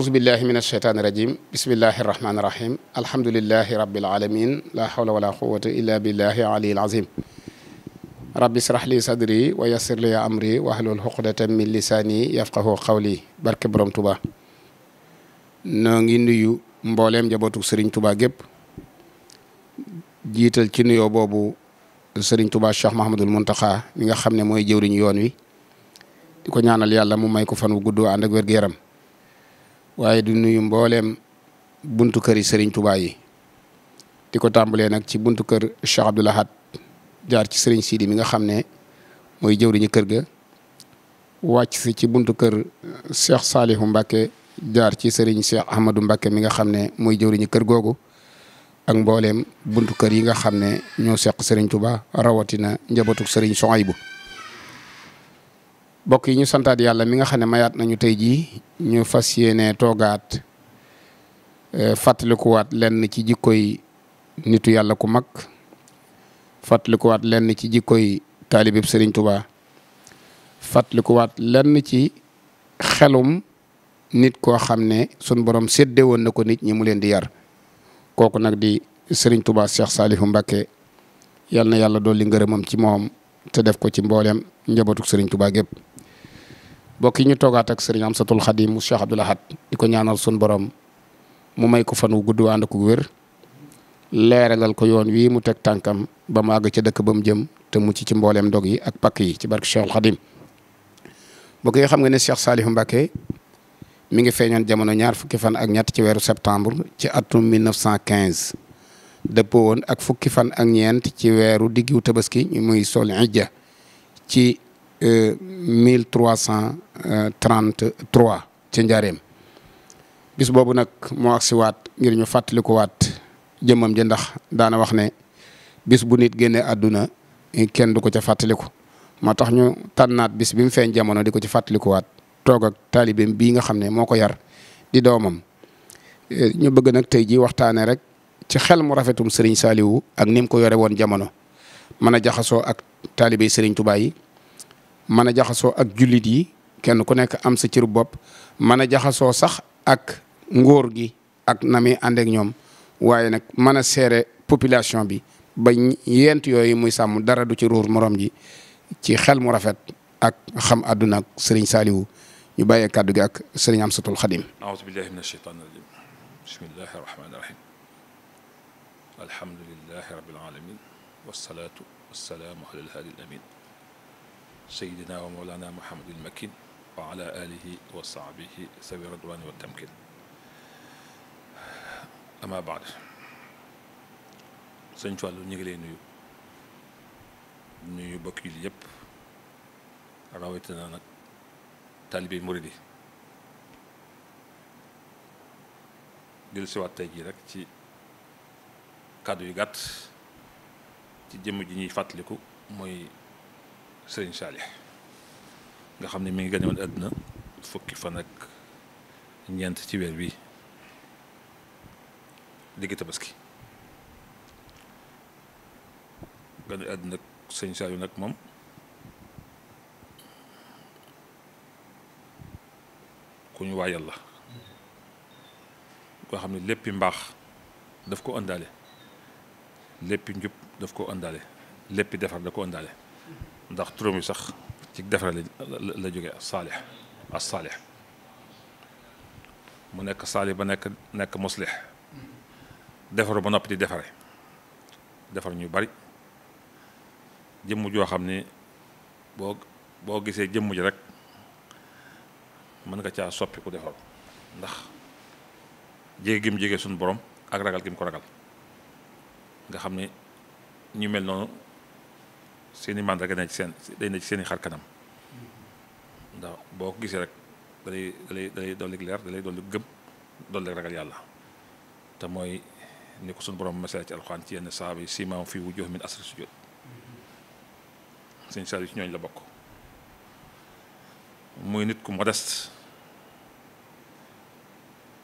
أعوذ بالله من الشيطان الرجيم بسم الله الرحمن الرحيم الحمد لله رب العالمين لا حول ولا قوة إلا بالله العلي العظيم رب اشرح لي صدري ويسر لي أمري واحلل عقدة من لساني يفقه قولي barke Borom Touba noo nuyu mbooleem njabootu Serigne Touba gépp jiital ci nuyoo boobu Serigne Touba Cheikh Mahamadul Muntaxa mi nga xam ne mooy jëwriñu yoon wi di ko ñaanal yàlla mu may ko fan wu gudd ànd ak wér waaye du nuyu mbooleem buntu kër yi Serigne yi di ko tàmbalee nag ci buntu kër Cheikh Abdoul jaar ci Serigne Sidi mi nga xam ne mooy jëwriñu kër ga wàcc si ci buntu kër Cheikh Salihu Mbacke jaar ci Serigne Cheikh Ahmadou Mbacke mi nga xam ne mooy jëwriñu kër googu ak mbooleem buntu kër yi nga xam ne ñoo seq Serigne Touba rawatina njabootu Serigne Souhaïbou mbokk yi ñu santaat yàlla mi nga xam ne mayaat nañu tey jii ñu fas yéene toogaat e, fàttalikuwaat lenn ci jikkoy nitu yàlla ku mag fàttalikuwaat lenn ci jikkoy taalibib Sëriñ Tuubaa fàttalikuwaat lenn ci xelum nit koo xam ne sun borom séddee woon na ko nit ñi mu leen di yar kooku nag di Sëriñ Tuubaa Cheikh Saalihu Mbàkke yal na yàlla dolli ngërëmam ci moom te def ko ci mbooleem njabootuk Sëriñ Tuubaa gépp mbokk yi ñu toogaat ak sëriñ Amsatul Xadim mu Cheikh Abdoul Ahad di ko ñaanal sun borom mu may ko fan wu gudd ànd ko wér leeralal ko yoon wii mu teg tànkam ba mu àgg ca dëkk ba mu jëm te mucc ci mbooleem dog yi ak pakk yi ci barke Cheikhul Xadim mbokk yi xam nga ne Cheikh Saliou Mbacké mi ngi feeñoon jamono ñaar fukki fan ak ñett ci weeru septembre ci atum 1915 dëppoo woon ak fukki fan ak ñeent ci weeru diggu tabaski muy sol ijja ci Euh, mille trois cent euh, trente trois ci njaareem bis boobu nag moo agsi waat ngir ñu fàttaliku waat jëmmam ji ndax daana wax ne bis bu nit génnee àdduna eh, kenn du ko ca fàttaliku moo tax ñu tànnaat bis bi mu feeñ jamono di ko ci fàttalikuwaat toog ak taalibeem bi nga xam ne moo ko yar di doomam eh, ñu bëgg nag tey ji waxtaanee rek ci xel mu rafetum Serigne saaliwu ak nim ko yore woon jamono mën a jaxasoo ak taalibe Serigne Touba yi mën a jaxasoo ak jullit yi kenn ku nekk am sa cër bopp mën a jaxasoo sax ak ngóor gi ak na muy ànd ñoom waaye nag mën a seere population bi ba yent yooyu muy sàmm dara du ci ruur moroom ji ci xel mu rafet ak xam àdduna ak sëriñ Saaliwu ñu bàyyee kàddu gi ak sëriñ Amsatul Xadim aouzu billahi mina shaytaan rajim bismillahi rahmaani seydina wa mawlana muhammadul makin wa ala alihi wa sahbihi sawi radwani wa tamkin ama baad sëñ Fallou ñu ngi lay nuyu nuyu bokk yi yëpp rawatina nag taalibe murid yi dil siwaat tey jii ci kàddu yu gàtt ci jëmm ji ñuy fàttaliku mooy sëriñ Saalix nga xam ne mi ngi gane woon àdduna fukki fan ak ñeent ci weer bii digg tabaski gane àdduna sëriñ Saalix nag moom kuñu ñu waayal la koo xam ne léppi mbaax daf ko ëndaale léppi njub daf ko ëndaale léppi defar da ko ëndaale ndax turam sax ci defare la la jóge saalix as saalix mu nekk saalix ba nekk nekk muslix defaru ba noppi di defare defar ñu bari jëmm joo xam ni boo boo gisee jëmm ji rek mën nga caa soppi ku defar ndax jege mu jege suñu borom ak ragal gim ko ragal nga xam ni ñu mel noonu seeni man màndarga ci seen day ci seeni xar kanam ndax boo ko gisee rek dalay dalay dalay dolli leer dalay dolli gëm dolli ragal yàlla te mooy ni ko suñu borom message ci alxuraan ci yenn saaba yi siimaam fii wu jox min asri sujud sëñ Saliou ci ñooñu la bokk muy nit ku modeste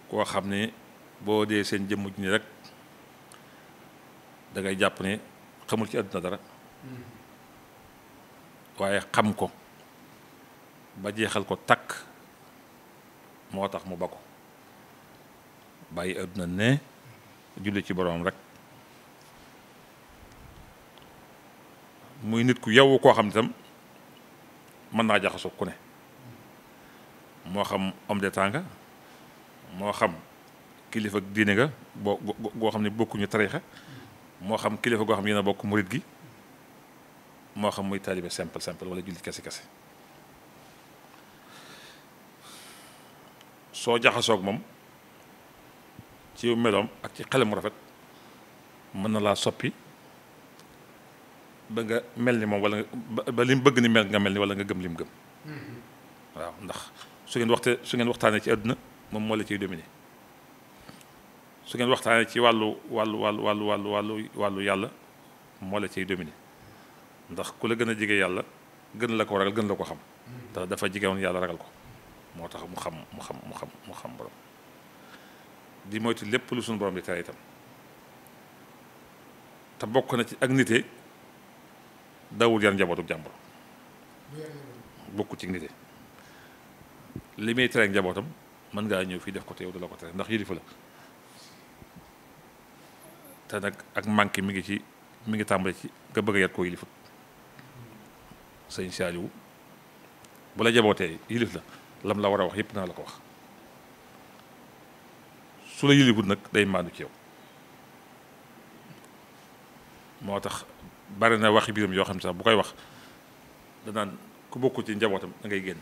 koo xam ne boo dee seen jëmm ji ni rek dangay jàpp ne xamul ci àdduna dara waaye xam ko ba jeexal ko takk moo tax mu ba ko bàyyi adduna ne julli ci boroom rek muy nit ku yow koo xam itam mën naa jaxasoo ku ne moo xam homme d'État nga moo xam kilifa diine nga boo goo xam ne bokkuñu tariixa moo xam kilifa goo xam ne yéen bokk murit gi moo xam muy taalibe simple simple wala jullit kese kese soo jaxasoog moom ci meloom ak ci xelam mu rafet mën na laa soppi ba nga mel ni moom wala ba li bëgg ni mel nga mel ni wala nga gëm li mu gëm mm-hmm. waaw ndax su ngeen waxte su ngeen waxtaanee ci àdduna moom moo la ciy dominer su ngeen waxtaanee ci wàllu wàllu wàllu wàllu wàllu wàllu wàllu yàlla moo la ciy dominer ndax ku la gën a jege yàlla gën la ko ragal gën la ko xam ndax dafa jege yàlla ragal ko moo tax mu xam mu xam mu xam mu xam borom di moytu lépp lu suñu borom di tere itam te bokk na ci ak dawul yar njabootu jàmbur bokku ci nite li muy tere njabootam mën ngaa ñëw fii def ko te yow du la ko tere ndax yilifa la te nag ak manqué mi ngi ci mu ngi tàmbali ci nga bëgg a yar koo yilifut sëñ Saaliwu bu la jabootee yilif la lam la war a wax yëpp naa la ko wax su la yilifut nag day maandu ci yow moo tax bari na i biiram yoo xam ne sax bu koy wax danaan ku bokku ci njabootam da ngay génn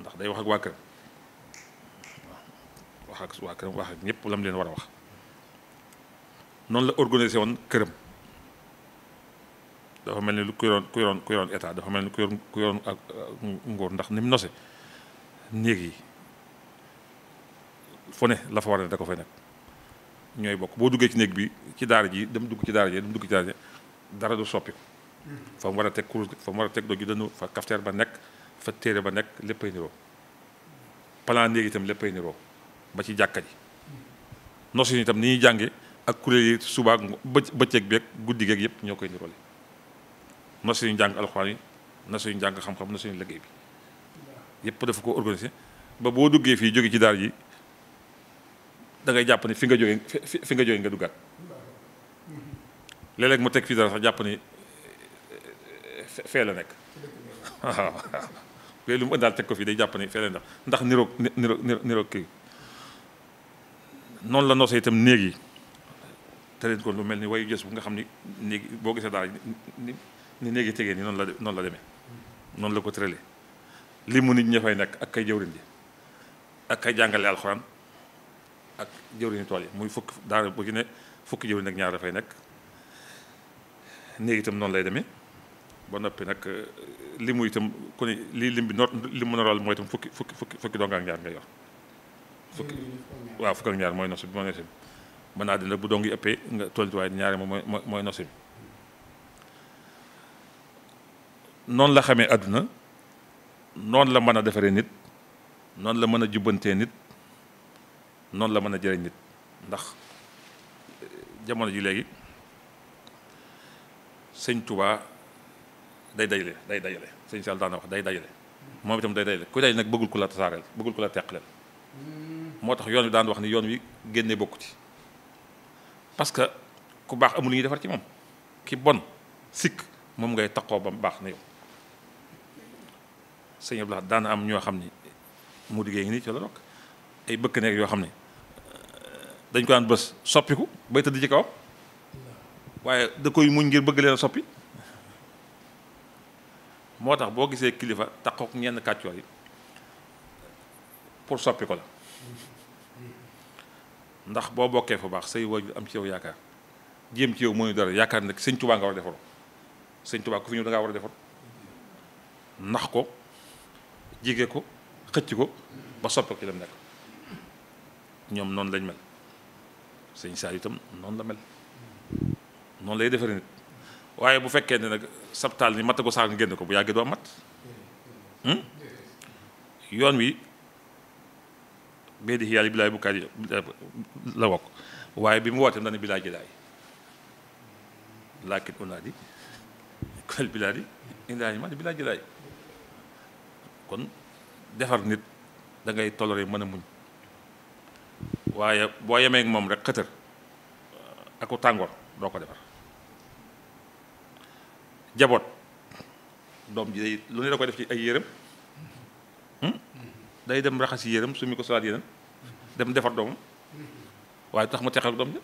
ndax day wax ak waa këram wax ak waa këram wax ñëpp lam leen war a wax noonu la organisé woon këram dafa mel ni lu ku yoroon ku yoroon ku yoroon état dafa mel ni ku yoroon ku yoroon ak nguur ndax ni mu nose néeg yi fu ne la fa war ne da ko fay nekk ñooy bokk boo duggee ci néeg bi ci daara ji dem dugg ci daara ji dem dugg dara du soppi fa mu war a teg kurus fa mu war a teg doj dënnu fa cafetière ba nekk fa téere ba nekk léppay niroo plan néeg itam léppay niroo ba ci jàkka ji nosu itam ni ñuy jànge ak kuréel yi suba bëccëg beeg guddi geeg yëpp ñoo koy niroole na suñu njàng alxuraan yi njàng xam na suñu liggéey bi ko organisé ba boo duggee fii jóge ci daal ji da jàpp ne fi nga jógee fi nga jógee nga duggaat léeg-léeg teg fii dara sax jàpp ne fee nekk waaw lu mu daal teg ko fii day jàpp ne fee ndax ndax niroog noonu la noose itam néeg yi te leen kon lu mel ni wayu jës bu nga xam ni néeg boo gisee daal ni ni néegi tegee nii noonu la noonu la demee noonu la ko tëralee li mu nit ña fay nekk ak kay jëwriñ ji ak kay jàngale alxuraan ak jëwriñu tool yi muy fukk daara bu ci ne fukki jëwriñ ak ñaar dafay nekk néegi itam noonu lay deme ba noppi nag euh, li mu itam ku lii lim bi noot li mu narool mooy itam fukki fukki fukki fukki dong ak ñaar ngay yor fukki waaw fukk ñaar mooy nosu bi mooy nosu la bu dong yi ëppee nga tool waaye ñaari moom mooy mooy nosu noonu la xamee àdduna noonu la mën a defaree nit noonu la mën a jubbantee nit noonu la mën a jëriñ nit ndax eh, jamono ji léegi sëñ tubaa day dajale day dajale sëñ Sall daana wax day dajale moom itam day dajale ku dajale nag bëggul ko la tasaareel bëggul ku la teqaleel hmm. moo tax yoon wi daan wax ni yoon wi génne bokku ci parce que ku baax amul lu ñuy defar ci moom ki bon sikk moom ngay taxoo ba mu baax na yow sëñ Abdou Lahad daana am ñoo xam ni mu diggée ngi nii ci la rokk ay bëkk nekk yoo xam ne eh, dañ ko daan bës soppiku bay tëdd ci kaw waaye da koy muñ ngir bëgg leen soppi moo tax boo gisee kilifa tax takkook ñenn kàccoor yi pour soppi la ndax boo bokkee fu baax say waajur am ci yow yaakaar jéem ci yow mooy dara yaakaar nag sëñ Tuubaa nga war a defaru sëñ Tuubaa ku fi ñëw da war a defar ndax ko jige ko xëcc ko ba soppi ko ci lam nekk ñoom noonu lañ mel sëñ saa itam noonu la mel noonu lay defaree nit waaye bu fekkee ne nag sabtaal ni matt ko sax nga génn ko bu yàggee doo mat hmm? yoon wi bee di yàlla bilaay bu kaay la wokk waaye bi mu wootee dana bilaay jëlaay laakin unaadi kal bilaadi indaani ma di bilaay jëlaay kon defar nit dangay ngay toléré mën a muñ waaye boo yemee ak moom rek xëtër euh, aku tàngoor doo ko defar jaboot doom ji day lu ne da koy def ci ay yërëm hmm? day dem raxas yi yërëm su mi ko solaat yeneen dem defar doomam waaye tax mu teqal doom ja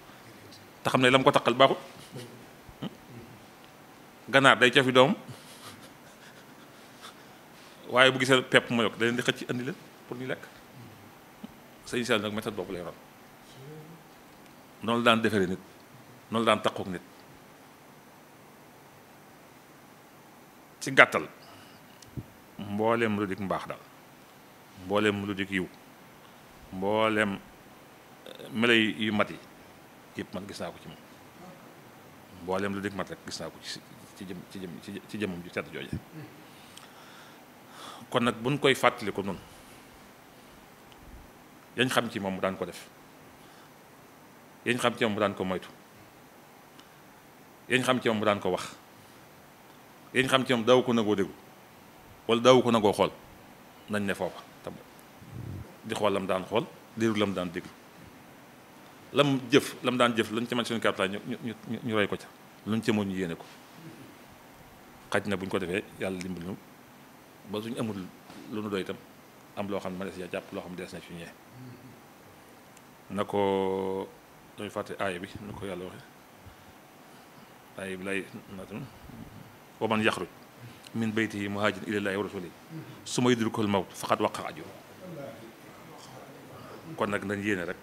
te xam ne la mu ko taqal baaxut hmm? ganaar day cofi doomam waaye bu gisee pepp ma yokk da leen di xëcc andi leen pour ñu lekk sëñ Saliou nag méthode boobu lay ron noonu la daan defaree nit noonu la daan takkook nit ci gàttal mbooleem lu dik mbaax daal mbooleem lu dik yiw mbooleem eh, melo yu mat yi yëpp man gis naa ko ci moom mbooleem lu dik mat rek gis naa ko ci ci jëm ci jëm ci jëm ju tedd jooje kon nag buñ koy fàttaliku nun yañ xam ci moom mu daan ko def yañ xam ci moom mu daan ko moytu yañ xam ci moom mu daan ko wax yañ xam ci moom daaw ko nagoo déglu wala daaw ko nagoo xool nañ ne foofa tam di xool lam daan xool déglu lam daan déglu lam jëf lam daan jëf luñ ci man suñu kàttan ñu ñu ñu roy ko ca luñ ci mën ñu yéene ko xaj na buñ ko defee yàlla dimbali ñu ba suñ amul lu nu doy itam am loo xam ne ma des jàpp loo xam ne des na ci ñee na ko dañu fàtte aaya bi nu ko yàlla waxe aaya bi lay natam wa man yaxruj min baytihi muhajiran ilallaahi su ma summa yudrikul mawt faqad waqa ajru kon nag nañ yéene rek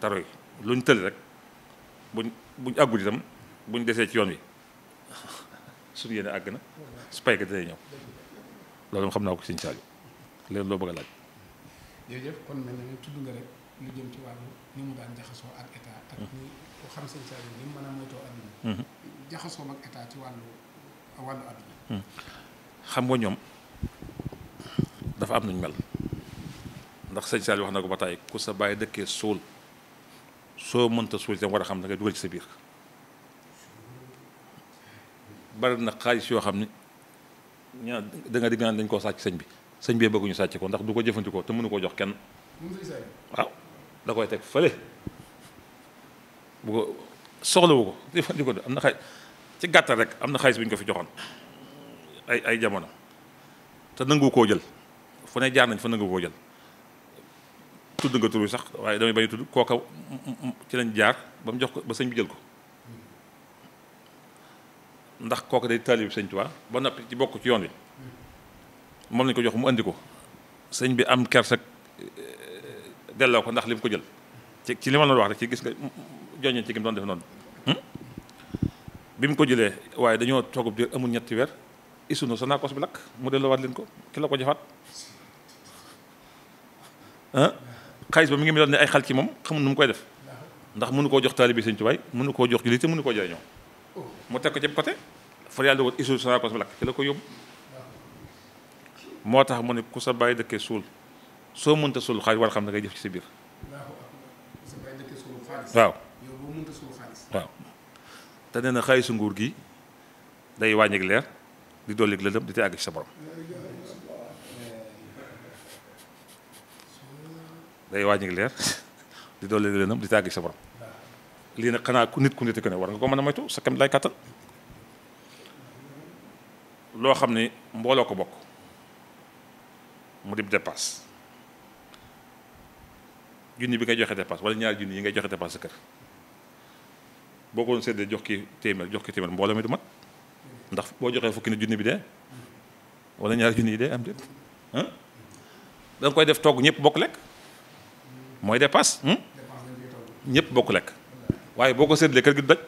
taroy luñ tëli rek buñ buñ tam itam buñ desee ci yoon wi suñu yéene àgg na su pay ga dina ñëw loolu moom xam naa ko sëñ Saliou leen loo bëgg a laaj. jërëjëf kon mel lu jëm ci wàllu ni mu daan jaxasoo ak état. ak mm-hmm. ni ku xam sëñ Saliou ni mu a moytoo àdduna. Mm-hmm. jaxasoo ak état ci wàllu wàllu mm-hmm. xam nga ñoom dafa am nañ mel ndax sëñ Saliou wax na ko ba ku sa bàyyi dëkkee suul soo mënta suul itam war a xam da ngay dugal ci sa biir. bari na xaalis yoo xam ni ñaar da nga dégg dañ koo sàcc sëñ bi sëñ bee bëgguñu sàcc ko ndax du ko jëfandikoo te mënu ko jox kenn waaw da koy teg fële bu ko soxlawu ko jëfandikoo am na xay ci gàttal rek am na xaalis buñ ko fi joxoon ay ay jamono te nangu koo jël fu ne jaar nañ fa nangu koo jël tudd nga tur sax waaye damay bañ tudd kooka ci lañ jaar ba mu jox ko ba sëñ bi jël ko ndax kooku day taalib sëñ Tuubaa ba noppi ci bokk ci yoon wi moom lañ ko jox mu indi ko sëñ bi am kersa eh, delloo ko ndax li ko jël ci ci li ma doon wax rek ci gis nga joññe ci gi def noonu hmm? bi mu ko jëlee waaye dañoo toogub diir amul ñetti weer isuno sa naakos bi lakk mu delloowaat leen ko ki la ko jafaat ah xaalis ba mi ngi mi doon ne ay xal ci moom xamul nu mu koy def ndax mënu koo jox taalibi sëñ Tuubaa mënu koo jox jullit te mënu koo jëriñoo mu teg ko ci côté far yàlla dogal isul sa ko sa lakk ci la ko yóbbu moo tax mu ne ku sa bàyyi dëkkee suul soo mënta suul xaalis war xam ne ngay jëf ci sa biir waaw waaw te nee na xaalisu nguur gi day wàññik leer di dollik lëndëm di te àgg ci sa borom day wàññik leer di dollik lëndëm di te àgg ci sa borom lii nag xanaa ku nit ku nit ku ne war nga ko mën a moytu sa kam lay kàttan loo xam ne mbooloo ko bokk mu dib dépasse junni bi ngay joxe dépasse wala ñaari junni yi ngay joxe dépasse sa kër boo ko doon séddee jox ki téeméer jox ki téeméer mbooloo mi du mat ndax boo joxee fukki nit junni bi dee wala ñaari junni yi dee am déet da koy def togg ñëpp bokk lekk mooy dépasse hmm? ñëpp bokk lekk waaye boo ko séddalee kër gi daj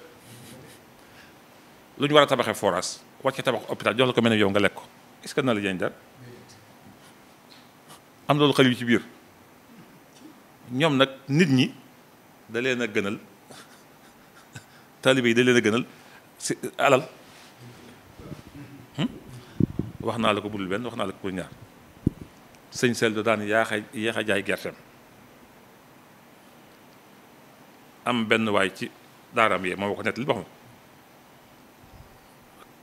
lu ñu war a tabaxee forage wàcce tabax hôpital jox la ko mel ne yow nga lekk ko est-ce que na la jëriñ am loolu yu ci biir ñoom nag nit ñi da leen a gënal taalibe yi da leen gënal si hmm? wax naa la ko budul benn wax naa la sëñ Seydou daan yaaxa yéex a jaay gerteem. am benn waay ci daaram yee moo ma ko nettali ba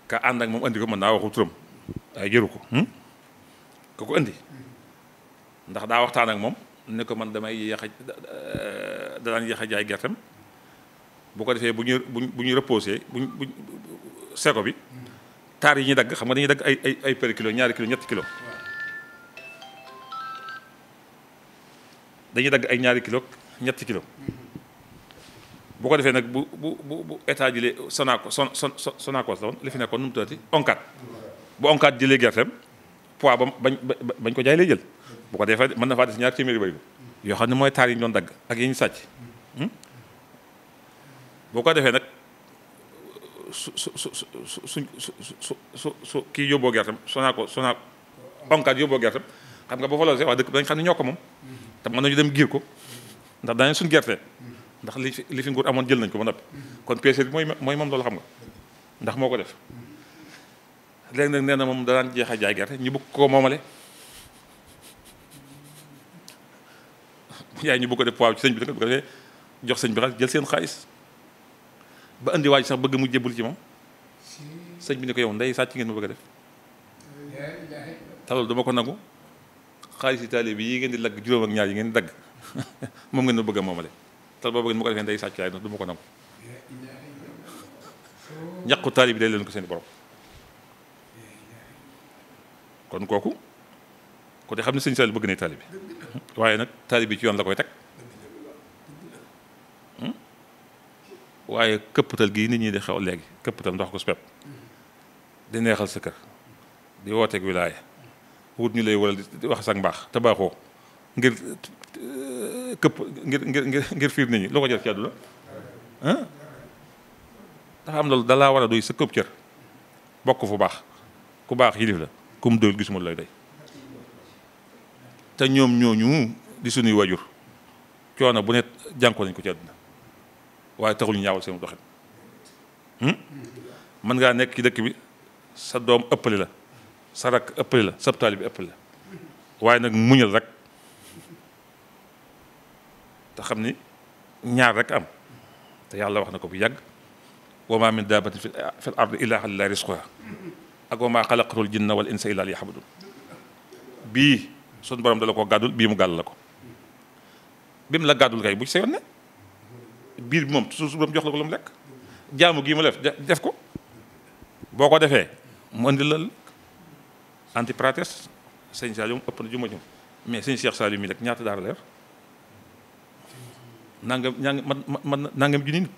xam ànd ak moom andi ko mën naa waxu turam waaye jëru ko hmm? ko andi ndax daa waxtaan ak moom ne ko man damay yéex a eh, danaan yéex a jaay gerteem bu ko defee bu ñu bu ñu reposé bu ñu bu seko bi taar yi ñuy dagg xam nga dañuy dagg ay ay ay per kilo ñaari kilo ñetti kilo dañuy dagg ay ñaari kilo kilo bu ko defee nag bu bu bu état jëlee Sonaco son son Sonacos la woon li fi nekkoon nu mu tënati onkat bu onkat jëlee gerteem poids ba bañ bañ ko jaay lay jël. bu ko defee mën na faa des ñaar téeméeri bëri yoo xam ne mooy taar yi ñu doon dagg ak yi ñu sàcc hmm? boo ko defee nag su su su su su su su kii yóbboo gerteem Sonaco Sonaco onkat yóbboo gerteem xam nga boo fa loo see wax dëkk dañ xam ne ñoo ko moom. te mën nañu dem giir ko ndax daañu suñu gerte. ndax li fi li fi nguur amoon jël nañ ko ba noppi kon PC bi mooy mooy moom loolu xam nga ndax moo ko def léegi nag nee na moom danaan jeex a jaay gerte ñu bëgg ko moomale yaay ñu bëgg def poids ci sëñ bi nag bu jox sëñ bi xaalis jël seen xaalis ba indi waaj sax bëgg mu jébbul ci moom sëñ bi ne ko yow ndey sàcc ngeen ma bëgg def te loolu dama ko nangu xaalis yi taalibe yi ngeen di lagg juróom ak ñaar yi ngeen di dagg moom ngeen ma bëgg moomale te boobu ngeen mu ko defee day sàcc laay du ma ko nangu ñàkku taali bi day leen ko seen borom kon kooku ko te xam ne sëñ Saliou bëgg na taali bi waaye nag taali bi ci yoon la koy teg hmm? waaye këppatal gii nit ñi di xew léegi këppatal ndox ko su pepp di neexal sa kër di wooteeg wilaaya wut ñu lay wala di wax sa mbaax te ngir këpp ngir ngir ngir ngir fiir nit ñi loo ko jël ci àdduna ah dafa am loolu dalaa war a doy sa këpp cër bokk fu baax ku baax yilif la ku mu doyul gisuma lay doy te ñoom ñooñu di suñuy wajur coono bu ne jànkoo nañ ko ci àdduna waaye taxul ñu ñaawal seen doxin mën ngaa nekk ci dëkk bi sa doom ëppale la sa rakk ëppale la sa taalibe bi ëppale la waaye nag muñal rek te xam ni ñaar rek am te yàlla wax na ko bu yàgg wa ma min daabatin fi fi a ardi illa a risquha ak wa ma xalaqatul jinna wal insa illa liya'budun bii sun borom dala koo gàddul bii mu gàll la ko bi mu la gàddul kay bu ci sa ne biir bi moom su su borom jox la ko lu mu lekk jaamu gii mu def def ko boo ko defee mu indi la anti prates sëñ Saliou ëpp na juma jum mais sëñ Cheikh Saliou mii nag ñaata daara leer nangam ñaanga man man nangam junni nit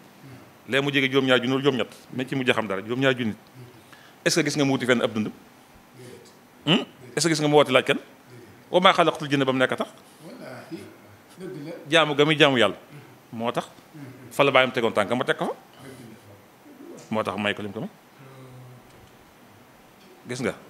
léegi mu jege juróom-ñaar junni juróom-ñett mais ci mujj xam dara juróom-ñaar junni nit est gis nga mu wuti fenn ab dund hmm? est-ce que gis nga mu woote laaj kenn wa maa xalaqtul jinna ba mu nekk tax jaamu ga jaamu yàlla moo tax fa la bàyyam tegoon tànk ma teg ko fa moo tax may ko lim ko may gis nga